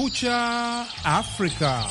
Kumekucha Afrika.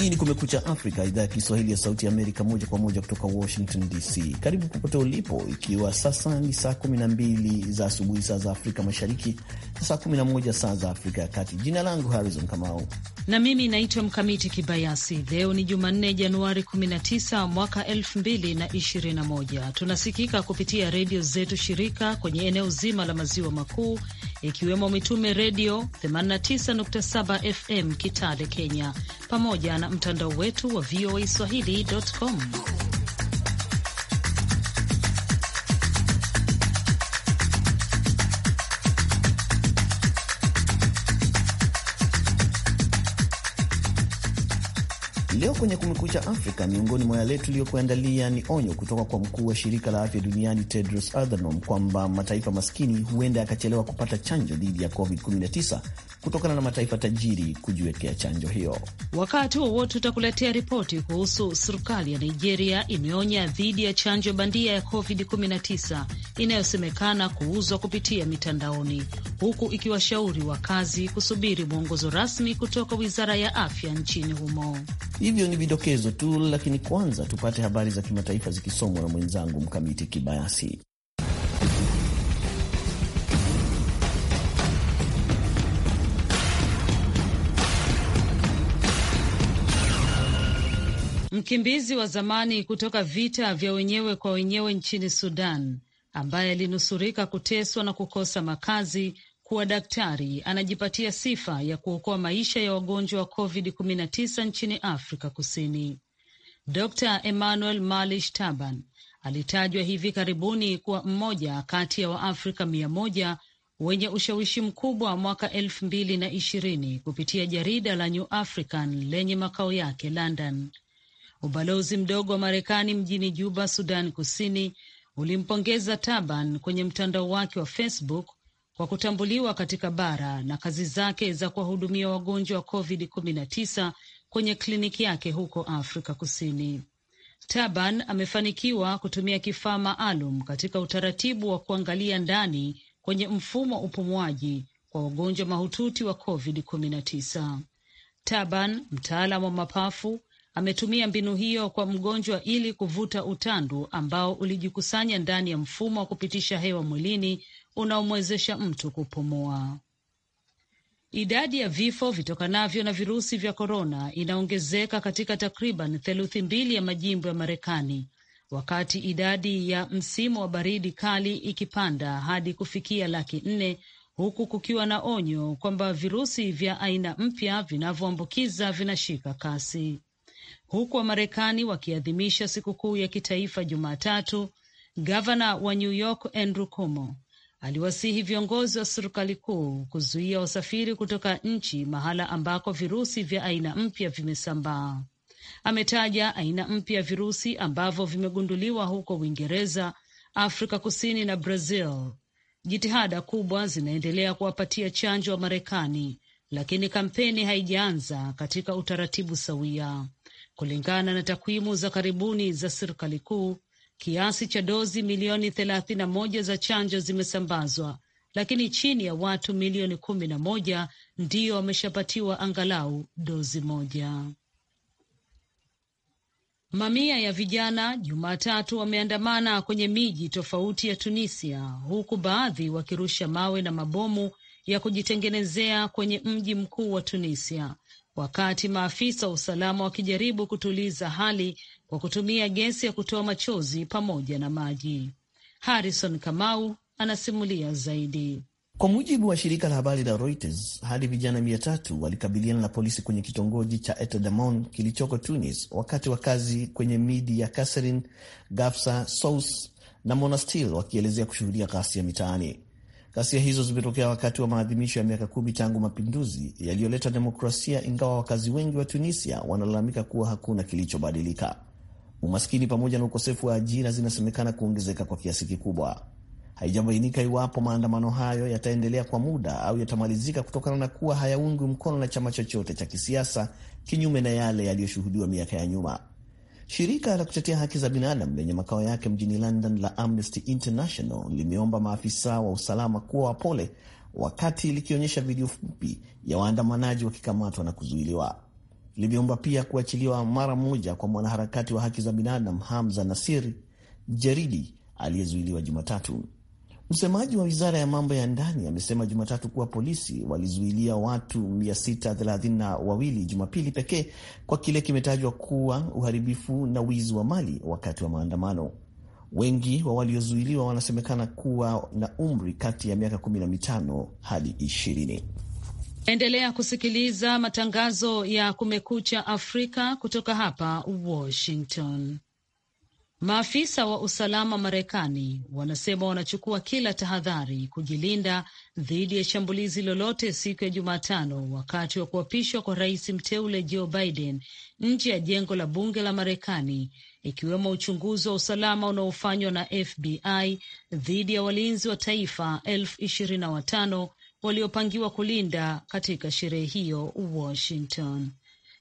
Hii ni Kumekucha Afrika, idhaa ya Kiswahili ya Sauti ya Amerika, moja kwa moja kutoka Washington DC. Karibu popote ulipo, ikiwa sasa ni saa 12 za asubuhi saa za Afrika Mashariki na saa 11 saa za Afrika ya Kati. Jina langu Harrison Kamau na mimi naitwa Mkamiti Kibayasi. Leo ni Jumanne, Januari 19 mwaka 2021. Tunasikika kupitia redio zetu shirika kwenye eneo zima la maziwa makuu, ikiwemo Mitume Redio 89.7 FM Kitale, Kenya, pamoja na na mtandao wetu wa VOA Swahili.com. Leo kwenye Kumekucha Afrika, miongoni mwa yale tuliyokuandalia ni onyo kutoka kwa mkuu wa shirika la afya duniani Tedros Adhanom kwamba mataifa maskini huenda yakachelewa kupata chanjo dhidi ya COVID-19 kutokana na mataifa tajiri kujiwekea chanjo hiyo. Wakati huo tutakuletea ripoti kuhusu serikali ya Nigeria imeonya dhidi ya chanjo bandia ya COVID-19 inayosemekana kuuzwa kupitia mitandaoni, huku ikiwashauri wakazi kusubiri mwongozo rasmi kutoka wizara ya afya nchini humo. Hivyo ni vidokezo tu, lakini kwanza tupate habari za kimataifa zikisomwa na mwenzangu Mkamiti Kibayasi. mkimbizi wa zamani kutoka vita vya wenyewe kwa wenyewe nchini Sudan ambaye alinusurika kuteswa na kukosa makazi kuwa daktari anajipatia sifa ya kuokoa maisha ya wagonjwa wa COVID-19 nchini Afrika Kusini. Dr Emmanuel Malish Taban alitajwa hivi karibuni kuwa mmoja kati ya Waafrika mia moja wenye ushawishi mkubwa mwaka elfu mbili na ishirini kupitia jarida la New African lenye makao yake London. Ubalozi mdogo wa Marekani mjini Juba, Sudan Kusini, ulimpongeza Taban kwenye mtandao wake wa Facebook kwa kutambuliwa katika bara na kazi zake za kuwahudumia wagonjwa wa COVID-19 kwenye kliniki yake huko Afrika Kusini. Taban amefanikiwa kutumia kifaa maalum katika utaratibu wa kuangalia ndani kwenye mfumo wa upumuaji kwa wagonjwa mahututi wa COVID-19. Taban, mtaalam wa mapafu, ametumia mbinu hiyo kwa mgonjwa ili kuvuta utandu ambao ulijikusanya ndani ya mfumo wa kupitisha hewa mwilini unaomwezesha mtu kupumua. Idadi ya vifo vitokanavyo na virusi vya korona inaongezeka katika takriban theluthi mbili ya majimbo ya Marekani, wakati idadi ya msimu wa baridi kali ikipanda hadi kufikia laki nne huku kukiwa na onyo kwamba virusi vya aina mpya vinavyoambukiza vinashika kasi. Huku Wamarekani wakiadhimisha sikukuu ya kitaifa Jumatatu, gavana wa New York Andrew Cuomo aliwasihi viongozi wa serikali kuu kuzuia wasafiri kutoka nchi mahala ambako virusi vya aina mpya vimesambaa. Ametaja aina mpya ya virusi ambavyo vimegunduliwa huko Uingereza, Afrika Kusini na Brazil. Jitihada kubwa zinaendelea kuwapatia chanjo wa Marekani, lakini kampeni haijaanza katika utaratibu sawia. Kulingana na takwimu za karibuni za serikali kuu, kiasi cha dozi milioni 31 za chanjo zimesambazwa, lakini chini ya watu milioni 11 ndiyo wameshapatiwa angalau dozi moja. Mamia ya vijana Jumatatu wameandamana kwenye miji tofauti ya Tunisia, huku baadhi wakirusha mawe na mabomu ya kujitengenezea kwenye mji mkuu wa Tunisia wakati maafisa wa usalama wakijaribu kutuliza hali kwa kutumia gesi ya kutoa machozi pamoja na maji. Harrison Kamau anasimulia zaidi. Kwa mujibu wa shirika la habari la Reuters, hadi vijana mia tatu walikabiliana na polisi kwenye kitongoji cha Etedamon kilichoko Tunis, wakati wa kazi kwenye midi ya Kasserine, Gafsa, sous na Monastir wakielezea kushuhudia ghasia mitaani. Ghasia hizo zimetokea wakati wa maadhimisho ya miaka kumi tangu mapinduzi yaliyoleta demokrasia, ingawa wakazi wengi wa Tunisia wanalalamika kuwa hakuna kilichobadilika. Umaskini pamoja na ukosefu wa ajira zinasemekana kuongezeka kwa kiasi kikubwa. Haijabainika iwapo maandamano hayo yataendelea kwa muda au yatamalizika kutokana na kuwa hayaungwi mkono na chama chochote cha kisiasa, kinyume na yale yaliyoshuhudiwa miaka ya nyuma. Shirika la kutetea haki za binadamu lenye makao yake mjini London la Amnesty International limeomba maafisa wa usalama kuwa wapole, wakati likionyesha video fupi ya waandamanaji wakikamatwa na kuzuiliwa. Limeomba pia kuachiliwa mara moja kwa mwanaharakati wa haki za binadamu Hamza Nasir Jeridi aliyezuiliwa Jumatatu. Msemaji wa wizara ya mambo ya ndani amesema Jumatatu kuwa polisi walizuilia watu 632 Jumapili pekee kwa kile kimetajwa kuwa uharibifu na wizi wa mali wakati wa maandamano. Wengi wa waliozuiliwa wanasemekana kuwa na umri kati ya miaka 15 hadi 20. Endelea kusikiliza matangazo ya Kumekucha Afrika kutoka hapa Washington. Maafisa wa usalama Marekani wanasema wanachukua kila tahadhari kujilinda dhidi ya shambulizi lolote siku ya Jumatano wakati wa kuapishwa kwa rais mteule Joe Biden nje ya jengo la bunge la Marekani, ikiwemo uchunguzi wa usalama unaofanywa na FBI dhidi ya walinzi wa taifa elfu ishirini na watano waliopangiwa kulinda katika sherehe hiyo Washington.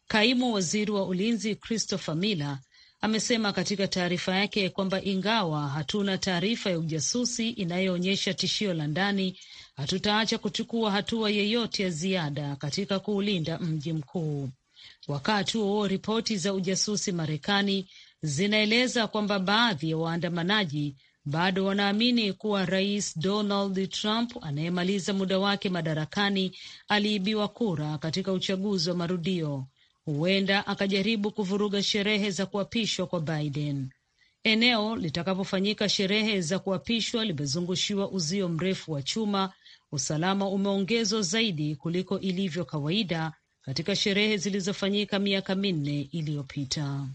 Kaimu waziri wa ulinzi Christopher Miller amesema katika taarifa yake kwamba ingawa hatuna taarifa ya ujasusi inayoonyesha tishio la ndani, hatutaacha kuchukua hatua yeyote ya ziada katika kuulinda mji mkuu. Wakati huo ripoti za ujasusi Marekani zinaeleza kwamba baadhi ya waandamanaji bado wanaamini kuwa Rais Donald Trump anayemaliza muda wake madarakani aliibiwa kura katika uchaguzi wa marudio huenda akajaribu kuvuruga sherehe za kuapishwa kwa Biden. Eneo litakapofanyika sherehe za kuapishwa limezungushiwa uzio mrefu wa chuma. Usalama umeongezwa zaidi kuliko ilivyo kawaida katika sherehe zilizofanyika miaka minne iliyopita.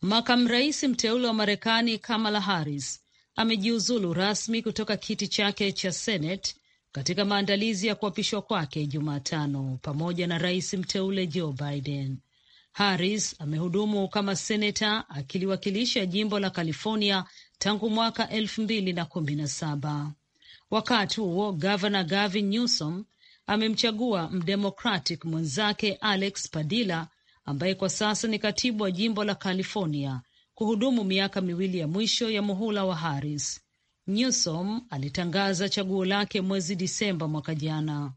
Makamu rais mteule wa Marekani Kamala Harris amejiuzulu rasmi kutoka kiti chake cha Senate katika maandalizi ya kuapishwa kwake Jumatano pamoja na rais mteule Joe Biden. Harris amehudumu kama seneta akiliwakilisha jimbo la California tangu mwaka elfu mbili na kumi na saba. Wakati huo gavana Gavin Newsom amemchagua mdemokratic mwenzake Alex Padilla ambaye kwa sasa ni katibu wa jimbo la California kuhudumu miaka miwili ya mwisho ya muhula wa Harris. Newsom alitangaza chaguo lake mwezi Disemba mwaka jana.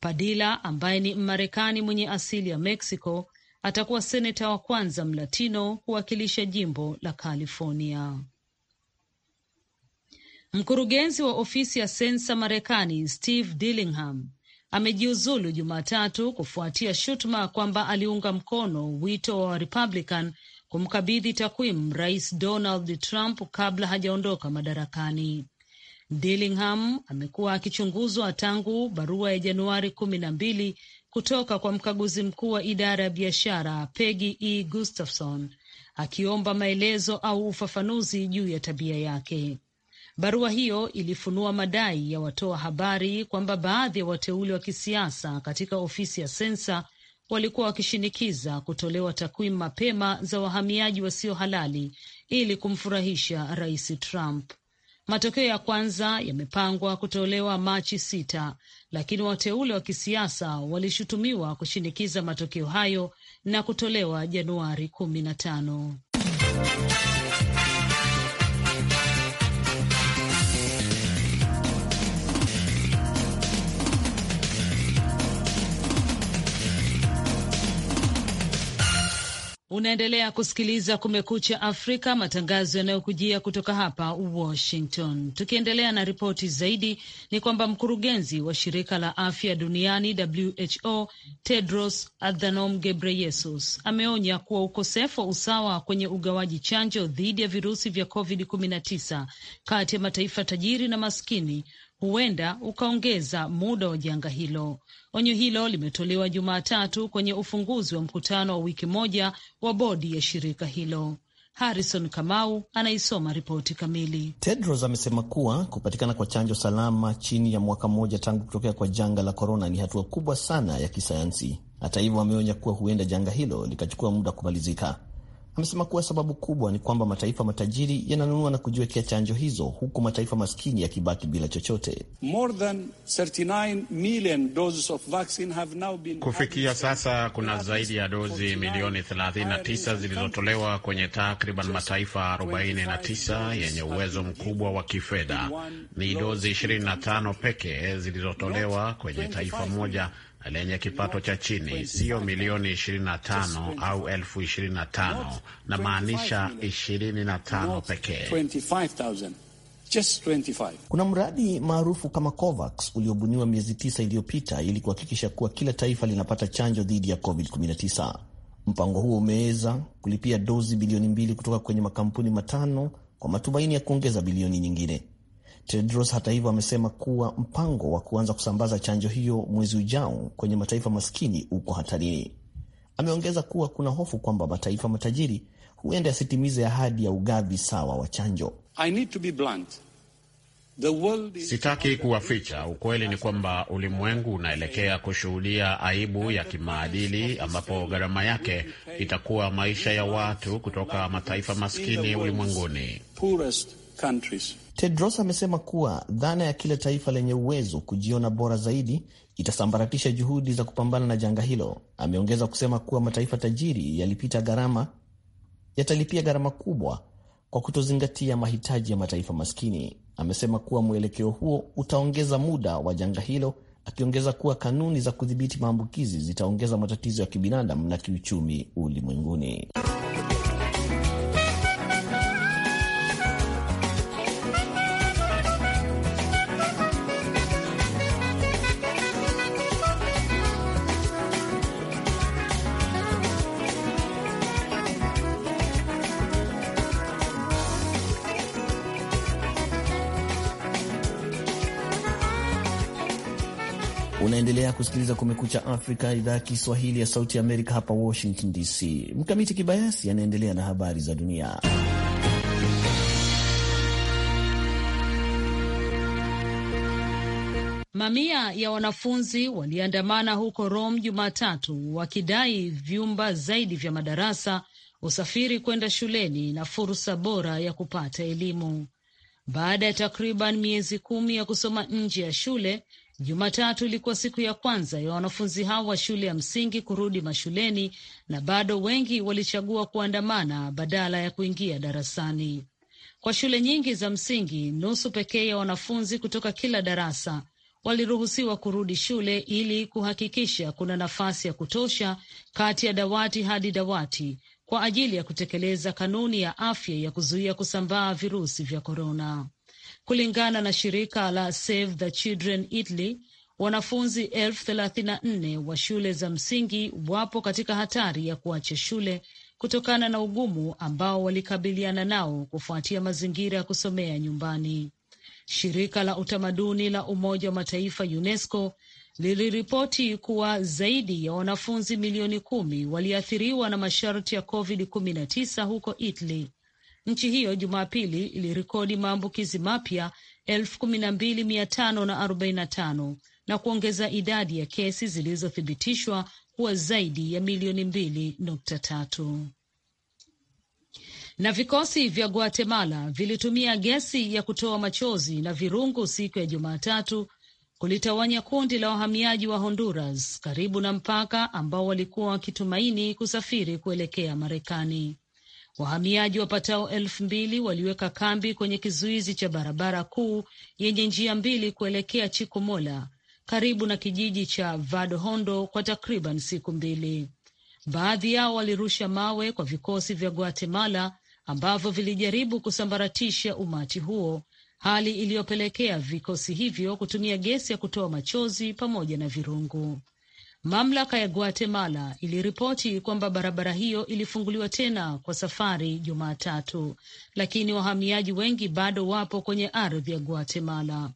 Padilla ambaye ni Mmarekani mwenye asili ya Mexico atakuwa seneta wa kwanza Mlatino kuwakilisha jimbo la California. Mkurugenzi wa ofisi ya sensa Marekani Steve Dillingham amejiuzulu Jumatatu kufuatia shutuma kwamba aliunga mkono wito wa Republican kumkabidhi takwimu Rais Donald Trump kabla hajaondoka madarakani. Dillingham amekuwa akichunguzwa tangu barua ya Januari kumi na mbili kutoka kwa mkaguzi mkuu wa idara ya biashara Peggy E Gustafson akiomba maelezo au ufafanuzi juu ya tabia yake. Barua hiyo ilifunua madai ya watoa habari kwamba baadhi ya wateule wa kisiasa katika ofisi ya sensa walikuwa wakishinikiza kutolewa takwimu mapema za wahamiaji wasio halali ili kumfurahisha Rais Trump. Matokeo ya kwanza yamepangwa kutolewa Machi sita, lakini wateule wa kisiasa walishutumiwa kushinikiza matokeo hayo na kutolewa Januari kumi na tano. Unaendelea kusikiliza Kumekucha Afrika, matangazo yanayokujia kutoka hapa Washington. Tukiendelea na ripoti zaidi, ni kwamba mkurugenzi wa shirika la afya duniani WHO Tedros Adhanom Ghebreyesus ameonya kuwa ukosefu wa usawa kwenye ugawaji chanjo dhidi ya virusi vya COVID-19 kati ya mataifa tajiri na maskini huenda ukaongeza muda wa janga hilo. Onyo hilo limetolewa Jumatatu kwenye ufunguzi wa mkutano wa wiki moja wa bodi ya shirika hilo. Harrison Kamau anaisoma ripoti kamili. Tedros amesema kuwa kupatikana kwa chanjo salama chini ya mwaka mmoja tangu kutokea kwa janga la korona ni hatua kubwa sana ya kisayansi. Hata hivyo, ameonya kuwa huenda janga hilo likachukua muda kumalizika. Amesema kuwa sababu kubwa ni kwamba mataifa matajiri yananunua na kujiwekea chanjo hizo huku mataifa maskini yakibaki bila chochote. Kufikia sasa kuna zaidi ya dozi milioni 39 zilizotolewa kwenye takriban mataifa 49 yenye uwezo mkubwa wa kifedha. Ni dozi 25 pekee zilizotolewa kwenye taifa moja lenye kipato cha chini, siyo milioni 25 au elfu 25, na maanisha 25 pekee. Kuna mradi maarufu kama COVAX uliobuniwa miezi tisa iliyopita ili kuhakikisha kuwa kila taifa linapata chanjo dhidi ya COVID-19. Mpango huo umeweza kulipia dozi bilioni mbili kutoka kwenye makampuni matano kwa matumaini ya kuongeza bilioni nyingine. Tedros hata hivyo amesema kuwa mpango wa kuanza kusambaza chanjo hiyo mwezi ujao kwenye mataifa maskini uko hatarini. Ameongeza kuwa kuna hofu kwamba mataifa matajiri huenda yasitimize ahadi ya ugavi sawa wa chanjo. I need to be blunt. Sitaki kuwaficha, ukweli ni kwamba ulimwengu unaelekea kushuhudia aibu ya kimaadili ambapo gharama yake itakuwa maisha ya watu kutoka mataifa maskini ulimwenguni. Tedros amesema kuwa dhana ya kila taifa lenye uwezo kujiona bora zaidi itasambaratisha juhudi za kupambana na janga hilo. Ameongeza kusema kuwa mataifa tajiri yalipita gharama, yatalipia gharama kubwa kwa kutozingatia mahitaji ya mataifa maskini. Amesema kuwa mwelekeo huo utaongeza muda wa janga hilo, akiongeza kuwa kanuni za kudhibiti maambukizi zitaongeza matatizo ya kibinadamu na kiuchumi ulimwenguni. Unaendelea kusikiliza Kumekucha Afrika, idhaa ya Kiswahili ya Sauti Amerika, hapa Washington DC. Mkamiti Kibayasi anaendelea na habari za dunia. Mamia ya wanafunzi waliandamana huko Rome Jumatatu wakidai vyumba zaidi vya madarasa, usafiri kwenda shuleni na fursa bora ya kupata elimu. Baada ya takriban miezi kumi ya kusoma nje ya shule, Jumatatu ilikuwa siku ya kwanza ya wanafunzi hao wa shule ya msingi kurudi mashuleni na bado wengi walichagua kuandamana badala ya kuingia darasani. Kwa shule nyingi za msingi, nusu pekee ya wanafunzi kutoka kila darasa waliruhusiwa kurudi shule ili kuhakikisha kuna nafasi ya kutosha kati ya dawati hadi dawati kwa ajili ya kutekeleza kanuni ya afya ya kuzuia kusambaa virusi vya korona. Kulingana na shirika la Save the Children Italy, wanafunzi elfu thelathini na nne wa shule za msingi wapo katika hatari ya kuacha shule kutokana na ugumu ambao walikabiliana nao kufuatia mazingira ya kusomea nyumbani. Shirika la utamaduni la Umoja wa Mataifa UNESCO liliripoti kuwa zaidi ya wanafunzi milioni kumi waliathiriwa na masharti ya COVID-19 huko Italy Nchi hiyo Jumapili ilirekodi maambukizi mapya elfu kumi na mbili mia tano na arobaini na tano na kuongeza idadi ya kesi zilizothibitishwa kuwa zaidi ya milioni mbili nukta tatu. Na vikosi vya Guatemala vilitumia gesi ya kutoa machozi na virungu siku ya Jumatatu kulitawanya kundi la wahamiaji wa Honduras karibu na mpaka ambao walikuwa wakitumaini kusafiri kuelekea Marekani. Wahamiaji wapatao elfu mbili waliweka kambi kwenye kizuizi cha barabara kuu yenye njia mbili kuelekea Chikomola karibu na kijiji cha hondo kwa takriban siku mbili. Baadhi yao walirusha mawe kwa vikosi vya Guatemala ambavyo vilijaribu kusambaratisha umati huo, hali iliyopelekea vikosi hivyo kutumia gesi ya kutoa machozi pamoja na virungu. Mamlaka ya Guatemala iliripoti kwamba barabara hiyo ilifunguliwa tena kwa safari Jumatatu, lakini wahamiaji wengi bado wapo kwenye ardhi ya Guatemala.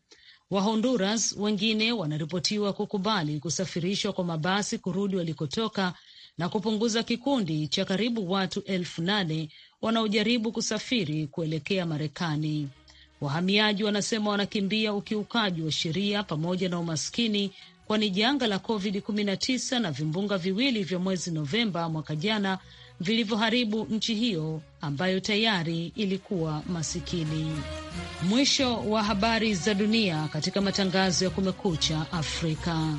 Wahonduras wengine wanaripotiwa kukubali kusafirishwa kwa mabasi kurudi walikotoka na kupunguza kikundi cha karibu watu elfu nane wanaojaribu kusafiri kuelekea Marekani. Wahamiaji wanasema wanakimbia ukiukaji wa sheria pamoja na umaskini kwani janga la COVID-19 na vimbunga viwili vya mwezi Novemba mwaka jana vilivyoharibu nchi hiyo ambayo tayari ilikuwa masikini. Mwisho wa habari za dunia katika matangazo ya Kumekucha Afrika.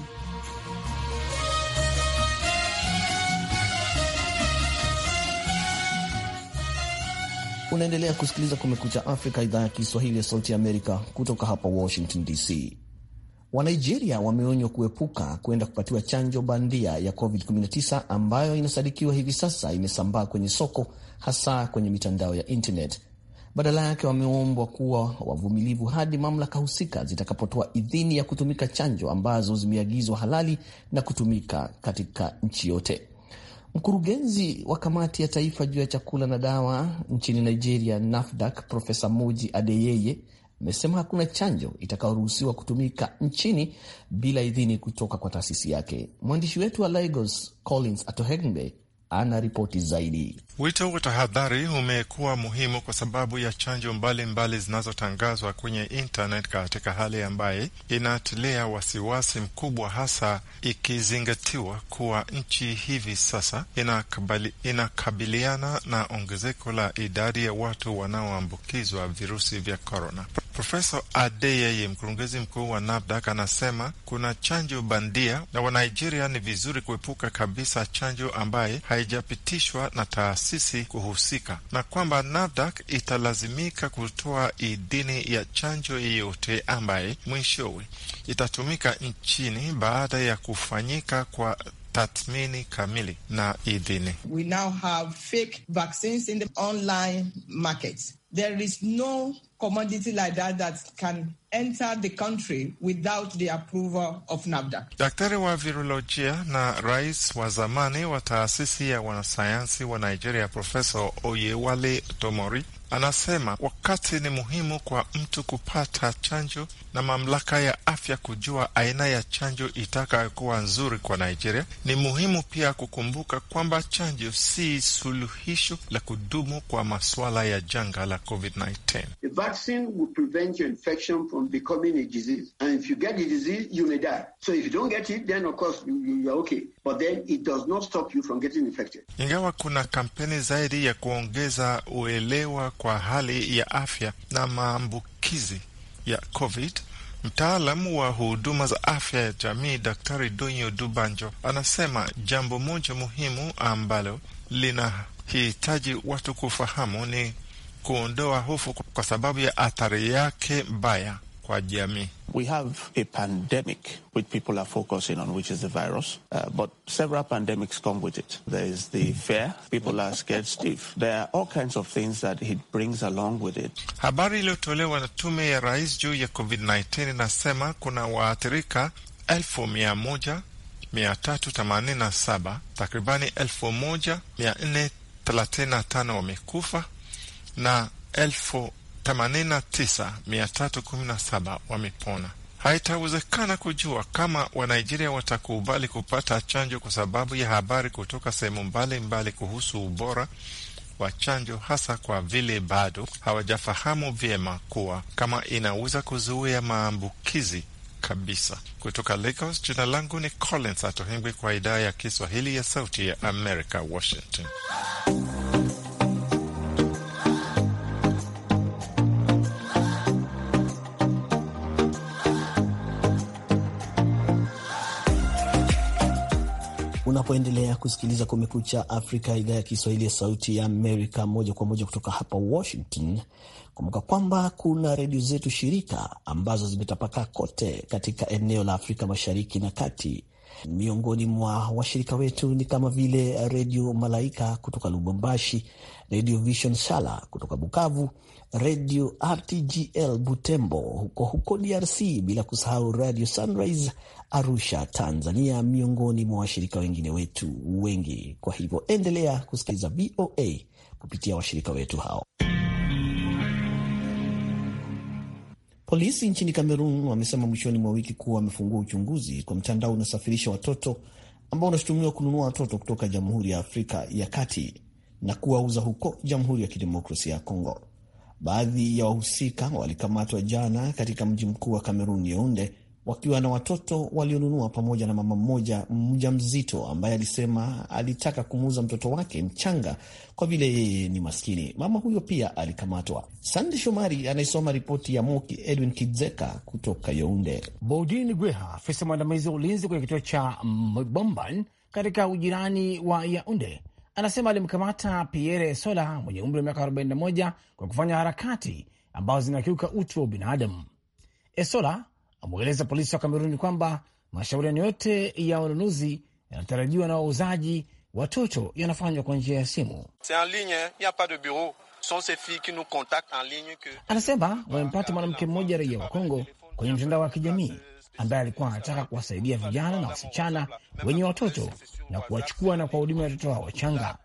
Unaendelea kusikiliza Kumekucha Afrika, idhaa ya Kiswahili ya Sauti ya Amerika, kutoka hapa Washington DC. Wanigeria wameonywa kuepuka kwenda kupatiwa chanjo bandia ya COVID-19 ambayo inasadikiwa hivi sasa imesambaa kwenye soko, hasa kwenye mitandao ya internet. Badala yake wameombwa kuwa wavumilivu hadi mamlaka husika zitakapotoa idhini ya kutumika chanjo ambazo zimeagizwa halali na kutumika katika nchi yote. Mkurugenzi wa kamati ya taifa juu ya chakula na dawa nchini Nigeria, NAFDAC, Profesa Moji Adeyeye amesema hakuna chanjo itakayoruhusiwa kutumika nchini bila idhini kutoka kwa taasisi yake. Mwandishi wetu wa Lagos, Collins Atohengbe, ana ripoti zaidi. Wito wa tahadhari umekuwa muhimu kwa sababu ya chanjo mbalimbali zinazotangazwa kwenye internet katika hali ambaye inatilia wasiwasi mkubwa, hasa ikizingatiwa kuwa nchi hivi sasa inakabili, inakabiliana na ongezeko la idadi ya watu wanaoambukizwa virusi vya korona. Profesa adeyeye yeye, mkurugenzi mkuu wa NAFDAC, anasema kuna chanjo bandia na Wanigeria ni vizuri kuepuka kabisa chanjo ambaye haijapitishwa na taasisi kuhusika, na kwamba NAFDAC italazimika kutoa idhini ya chanjo yeyote ambaye mwishowe itatumika nchini baada ya kufanyika kwa tathmini kamili na idhini. We now have fake vaccines in the online markets. There is no commodity like that that can enter the country without the approval of NAFDAC. Daktari wa virolojia na rais wa zamani wa taasisi ya wanasayansi wa Nigeria Profesa Oyewale Tomori Anasema wakati ni muhimu kwa mtu kupata chanjo na mamlaka ya afya kujua aina ya chanjo itakayokuwa nzuri kwa Nigeria. Ni muhimu pia kukumbuka kwamba chanjo si suluhisho la kudumu kwa masuala ya janga la COVID-19. So okay. But then it does not stop you from getting infected. Ingawa kuna kampeni zaidi ya kuongeza uelewa kwa hali ya afya na maambukizi ya COVID, mtaalamu wa huduma za afya ya jamii Daktari Dunyo Dubanjo anasema jambo moja muhimu ambalo linahitaji watu kufahamu ni kuondoa hofu kwa sababu ya athari yake mbaya kwa jamii. We have a pandemic which people are focusing on, which is the virus. Uh, but several pandemics come with it. There is the fear. People are scared stiff. There are all kinds of things that it brings along with it. Habari iliyotolewa na tume ya rais juu ya COVID-19 inasema kuna waathirika 1387 takribani 1435 wamekufa na elfu themanini wamepona. Haitawezekana kujua kama Wanigeria watakubali kupata chanjo kwa sababu ya habari kutoka sehemu mbalimbali kuhusu ubora wa chanjo, hasa kwa vile bado hawajafahamu vyema kuwa kama inaweza kuzuia maambukizi kabisa. Kutoka Lagos, jina langu ni Collins Atohengwi kwa idhaa ya Kiswahili ya Sauti ya America, Washington. unapoendelea kusikiliza Kumekucha Afrika, idhaa ya Kiswahili ya Sauti ya Amerika, moja kwa moja kutoka hapa Washington. Kumbuka kwamba kuna redio zetu shirika ambazo zimetapakaa kote katika eneo la Afrika Mashariki na Kati. Miongoni mwa washirika wetu ni kama vile Redio Malaika kutoka Lubumbashi, Redio Vision Shala kutoka Bukavu, Radio RTGL Butembo huko huko DRC, bila kusahau Radio Sunrise Arusha Tanzania, miongoni mwa washirika wengine wetu wengi. Kwa hivyo endelea kusikiliza VOA kupitia washirika wetu hao. Polisi nchini Kamerun wamesema mwishoni mwa wiki kuwa wamefungua uchunguzi kwa mtandao unasafirisha watoto ambao unashutumiwa kununua watoto kutoka Jamhuri ya Afrika ya Kati na kuwauza huko Jamhuri ya Kidemokrasia ya Kongo. Baadhi ya wahusika walikamatwa jana katika mji mkuu wa Kamerun, Yaunde, wakiwa na watoto walionunua pamoja na mama mmoja mja mzito ambaye alisema alitaka kumuuza mtoto wake mchanga kwa vile yeye ni maskini. Mama huyo pia alikamatwa. Sande Shomari anayesoma ripoti ya Moki Edwin Kidzeka kutoka Yaunde. Bodin Gweha, afisa mwandamizi wa ulinzi kwenye kituo cha Mbomban katika ujirani wa Yaunde, anasema alimkamata Pierre Sola mwenye umri wa miaka 41 kwa kufanya harakati ambazo zinakiuka utu wa ubinadamu. Esola amweleza polisi wa Kameruni kwamba mashauriano yote ya ununuzi yanatarajiwa na wauzaji watoto yanafanywa kwa njia ya simu. Anasema wamempata mwanamke mmoja raia wa Kongo kwenye mtandao wa kijamii ambaye alikuwa anataka kuwasaidia vijana na wasichana wenye watoto na kuwachukua na kuwahudumia watoto hao wachanga.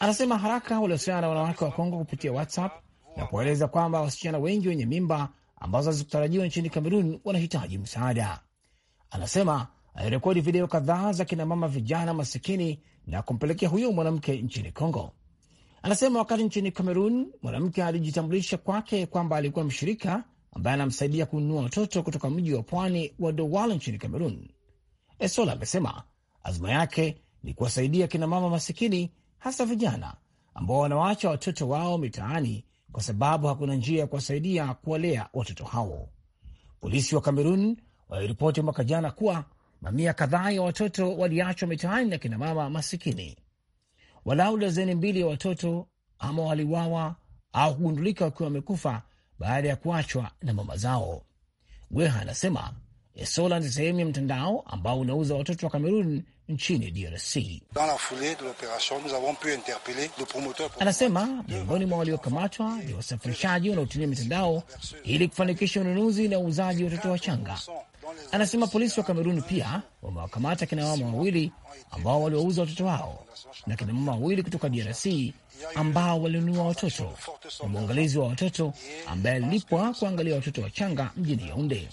Anasema haraka waliosiana na wanawake wa Kongo kupitia WhatsApp na kuwaeleza kwamba wasichana wengi wenye mimba ambazo hazikutarajiwa nchini Kamerun wanahitaji msaada. Anasema alirekodi video kadhaa za kinamama vijana masikini na kumpelekea huyo mwanamke nchini Kongo. Anasema wakati nchini Kamerun mwanamke alijitambulisha kwake kwamba alikuwa mshirika ambaye anamsaidia kununua watoto kutoka mji wa pwani wa Douala nchini Kamerun. Esola amesema Azma yake ni kuwasaidia kinamama masikini, hasa vijana ambao wanawacha watoto wao mitaani kwa sababu hakuna njia ya kuwasaidia kuwalea watoto hao. Polisi wa Kamerun waliripoti mwaka jana kuwa mamia kadhaa ya watoto waliachwa mitaani na kinamama masikini. Walau dazeni mbili ya watoto ama waliwawa au kugundulika wakiwa wamekufa baada ya kuachwa na mama zao. Weha anasema Esola ni sehemu ya mtandao ambao unauza watoto wa Kamerun nchini DRC. Anasema miongoni mwa waliokamatwa ni wasafirishaji wanaotumia mitandao ili kufanikisha ununuzi na uuzaji wa watoto wachanga. Anasema polisi wa Kamerun pia wamewakamata kina mama wawili ambao waliwauza watoto wao na kina mama wawili kutoka DRC ambao walinunua watoto na mwangalizi wa watoto ambaye alilipwa kuangalia watoto wachanga mjini Yaunde.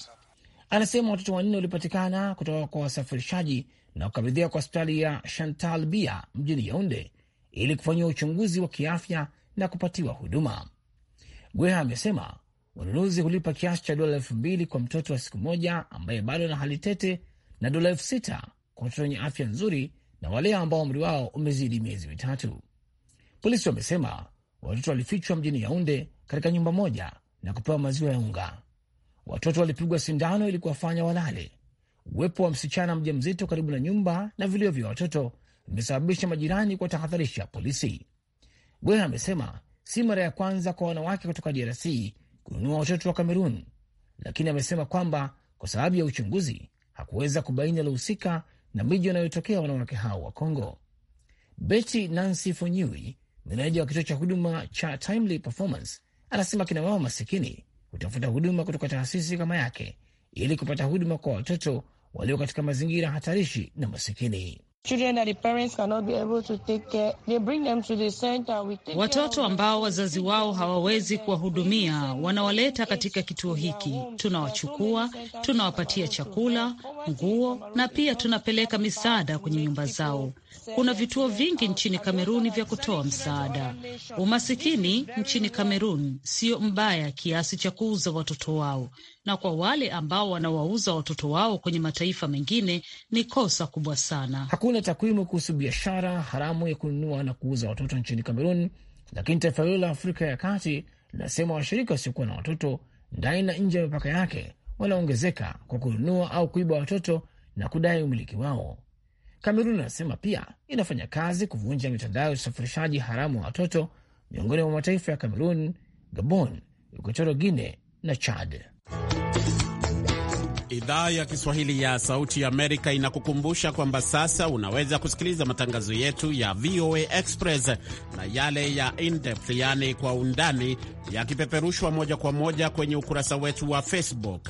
Anasema watoto wanne walipatikana kutoka kwa wasafirishaji na kukabidhiwa kwa hospitali ya Chantal Bia mjini Yaunde ili kufanyiwa uchunguzi wa kiafya na kupatiwa huduma. Gweha amesema wanunuzi hulipa kiasi cha dola elfu mbili kwa mtoto wa siku moja ambaye bado na hali tete na dola elfu sita kwa watoto wenye afya nzuri na wale ambao umri wao umezidi miezi mitatu. Polisi wamesema watoto walifichwa mjini Yaunde katika nyumba moja na kupewa maziwa ya unga. Watoto walipigwa sindano ili kuwafanya walale. Uwepo wa msichana mja mzito karibu na nyumba na vilio vya watoto vimesababisha majirani kuwatahadharisha polisi. Bweha amesema si mara ya kwanza kwa wanawake kutoka DRC kununua watoto wa Kamerun, lakini amesema kwamba kwa sababu ya uchunguzi hakuweza kubaini alohusika na miji wanayotokea wanawake hao wa congo beti Nancy Fonyui, meneja wa kituo cha huduma cha Timely Performance, anasema kina mama masikini kutafuta huduma kutoka taasisi kama yake ili kupata huduma kwa watoto walio katika mazingira hatarishi na masikini. Watoto ambao wazazi wao hawawezi kuwahudumia wanawaleta katika kituo hiki, tunawachukua, tunawapatia chakula, nguo na pia tunapeleka misaada kwenye nyumba zao. Kuna vituo vingi nchini Kamerun vya kutoa msaada. Umasikini nchini Kamerun sio mbaya kiasi cha kuuza watoto wao, na kwa wale ambao wanawauza watoto wao kwenye mataifa mengine ni kosa kubwa sana. Hakuna takwimu kuhusu biashara haramu ya kununua na kuuza watoto nchini Kamerun, lakini taifa hilo la Afrika ya Kati linasema washirika wasiokuwa na watoto ndani na nje ya mipaka yake wanaongezeka kwa kununua au kuiba watoto na kudai umiliki wao. Kamerun anasema pia inafanya kazi kuvunja mitandao ya usafirishaji haramu wa watoto miongoni mwa mataifa ya Kamerun, Gabon, Equatorial Guine na Chad. Idhaa ya Kiswahili ya Sauti ya Amerika inakukumbusha kwamba sasa unaweza kusikiliza matangazo yetu ya VOA Express na yale ya Indepth, yaani kwa undani, yakipeperushwa moja kwa moja kwenye ukurasa wetu wa Facebook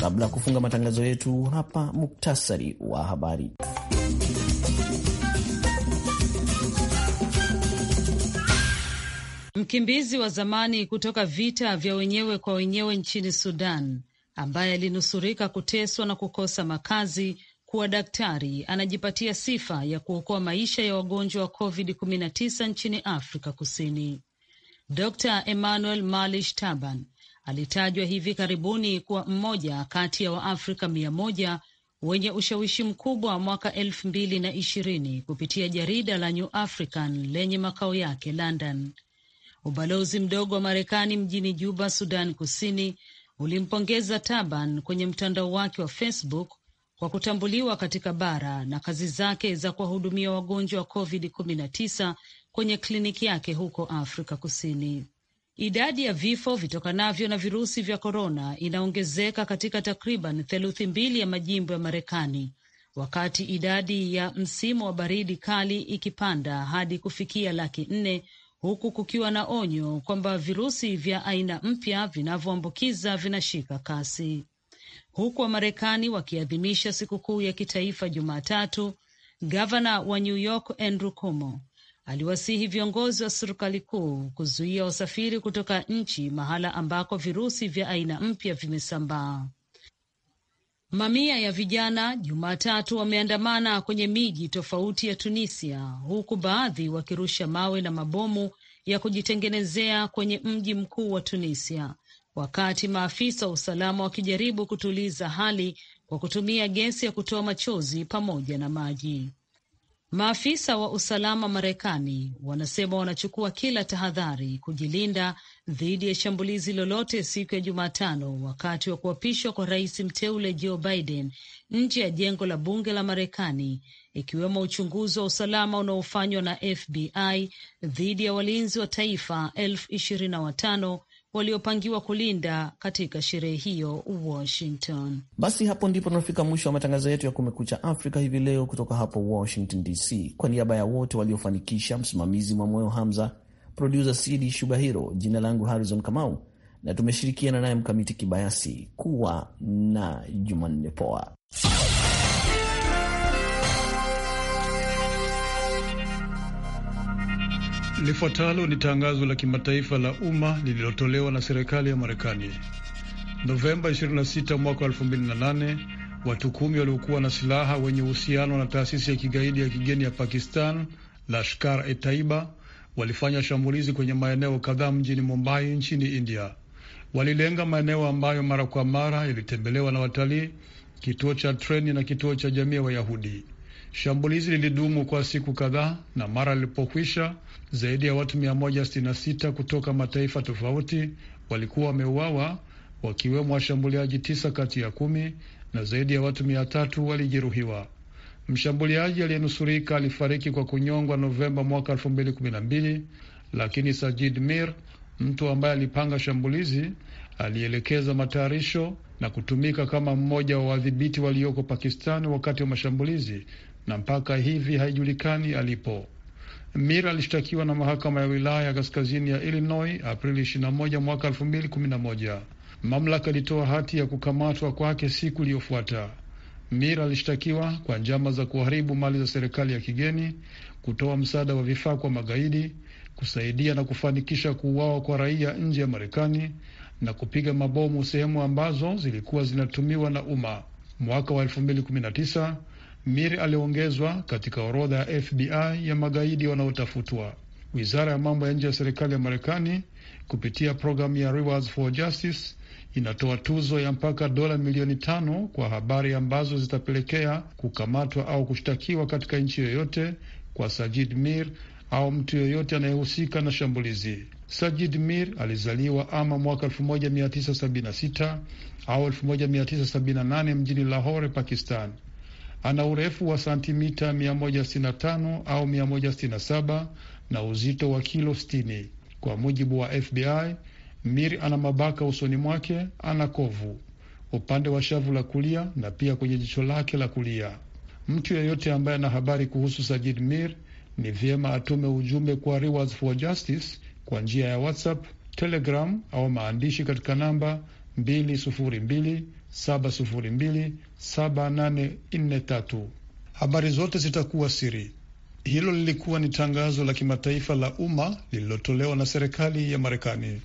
Kabla ya kufunga matangazo yetu hapa, muktasari wa habari. Mkimbizi wa zamani kutoka vita vya wenyewe kwa wenyewe nchini Sudan ambaye alinusurika kuteswa na kukosa makazi kuwa daktari anajipatia sifa ya kuokoa maisha ya wagonjwa wa COVID-19 nchini Afrika Kusini. Dr Emmanuel Malish Taban alitajwa hivi karibuni kuwa mmoja kati ya Waafrika mia moja wenye ushawishi mkubwa mwaka elfu mbili na ishirini kupitia jarida la New African lenye makao yake London. Ubalozi mdogo wa Marekani mjini Juba, Sudan Kusini, ulimpongeza Taban kwenye mtandao wake wa Facebook kwa kutambuliwa katika bara na kazi zake za kuwahudumia wagonjwa wa COVID-19 kwenye kliniki yake huko Afrika Kusini. Idadi ya vifo vitokanavyo na virusi vya korona inaongezeka katika takriban theluthi mbili ya majimbo ya Marekani, wakati idadi ya msimu wa baridi kali ikipanda hadi kufikia laki nne huku kukiwa na onyo kwamba virusi vya aina mpya vinavyoambukiza vinashika kasi. Huku Wamarekani wakiadhimisha sikukuu ya kitaifa Jumatatu, gavana wa New York Andrew Cuomo aliwasihi viongozi wa serikali kuu kuzuia wasafiri kutoka nchi mahala ambako virusi vya aina mpya vimesambaa. Mamia ya vijana Jumatatu wameandamana kwenye miji tofauti ya Tunisia, huku baadhi wakirusha mawe na mabomu ya kujitengenezea kwenye mji mkuu wa Tunisia, wakati maafisa wa usalama wakijaribu kutuliza hali kwa kutumia gesi ya kutoa machozi pamoja na maji. Maafisa wa usalama Marekani wanasema wanachukua kila tahadhari kujilinda dhidi ya shambulizi lolote siku ya Jumatano wakati wa kuapishwa kwa rais mteule Joe Biden nje ya jengo la bunge la Marekani, ikiwemo uchunguzi wa usalama unaofanywa na FBI dhidi ya walinzi wa taifa elfu ishirini na watano waliopangiwa kulinda katika sherehe hiyo Washington. Basi hapo ndipo tunafika mwisho wa matangazo yetu ya Kumekucha Afrika hivi leo, kutoka hapo Washington DC. Kwa niaba ya wote waliofanikisha, msimamizi mwa moyo Hamza, produsa Sidi Shubahiro, jina langu Harrison Kamau na tumeshirikiana naye Mkamiti Kibayasi. Kuwa na Jumanne poa. Lifuatalo ni tangazo la kimataifa la umma lililotolewa na serikali ya Marekani. Novemba 26 mwaka 2008, watu kumi waliokuwa na silaha wenye uhusiano na taasisi ya kigaidi ya kigeni ya Pakistan Lashkar e Taiba walifanya shambulizi kwenye maeneo kadhaa mjini Mumbai nchini India. Walilenga maeneo ambayo mara kwa mara yalitembelewa na watalii, kituo cha treni na kituo cha jamii ya Wayahudi. Shambulizi lilidumu kwa siku kadhaa na mara lilipokwisha, zaidi ya watu 166 kutoka mataifa tofauti walikuwa wameuawa, wakiwemo washambuliaji tisa kati ya kumi na zaidi ya watu mia tatu walijeruhiwa. Mshambuliaji aliyenusurika alifariki kwa kunyongwa Novemba mwaka 2012, lakini Sajid Mir, mtu ambaye alipanga shambulizi, alielekeza matayarisho na kutumika kama mmoja wa wadhibiti walioko Pakistani wakati wa mashambulizi na mpaka hivi haijulikani alipo. Mira alishtakiwa na mahakama ya wilaya ya kaskazini ya Illinois Aprili 21 mwaka 2011. Mamlaka ilitoa hati ya kukamatwa kwake siku iliyofuata. Mira alishtakiwa kwa njama za kuharibu mali za serikali ya kigeni, kutoa msaada wa vifaa kwa magaidi, kusaidia na kufanikisha kuuawa kwa raia nje ya Marekani na kupiga mabomu sehemu ambazo zilikuwa zinatumiwa na umma. Mwaka wa Miri aliongezwa katika orodha ya FBI ya magaidi wanaotafutwa. Wizara ya mambo ya nje ya serikali ya Marekani kupitia programu ya Rewards for Justice inatoa tuzo ya mpaka dola milioni tano kwa habari ambazo zitapelekea kukamatwa au kushtakiwa katika nchi yoyote kwa Sajid Mir au mtu yoyote anayehusika na shambulizi. Sajid Mir alizaliwa ama mwaka 1976 au 1978 mjini Lahore, Pakistan. Ana urefu wa santimita 165 au 167 na uzito wa kilo 60. Kwa mujibu wa FBI, Mir ana mabaka usoni mwake, ana kovu upande wa shavu la kulia na pia kwenye jicho lake la kulia. Mtu yeyote ambaye ana habari kuhusu Sajid Mir ni vyema atume ujumbe kwa Rewards for Justice kwa njia ya WhatsApp, Telegram au maandishi katika namba 202 7027843. Habari zote zitakuwa siri. Hilo lilikuwa ni tangazo la kimataifa la umma lililotolewa na serikali ya Marekani.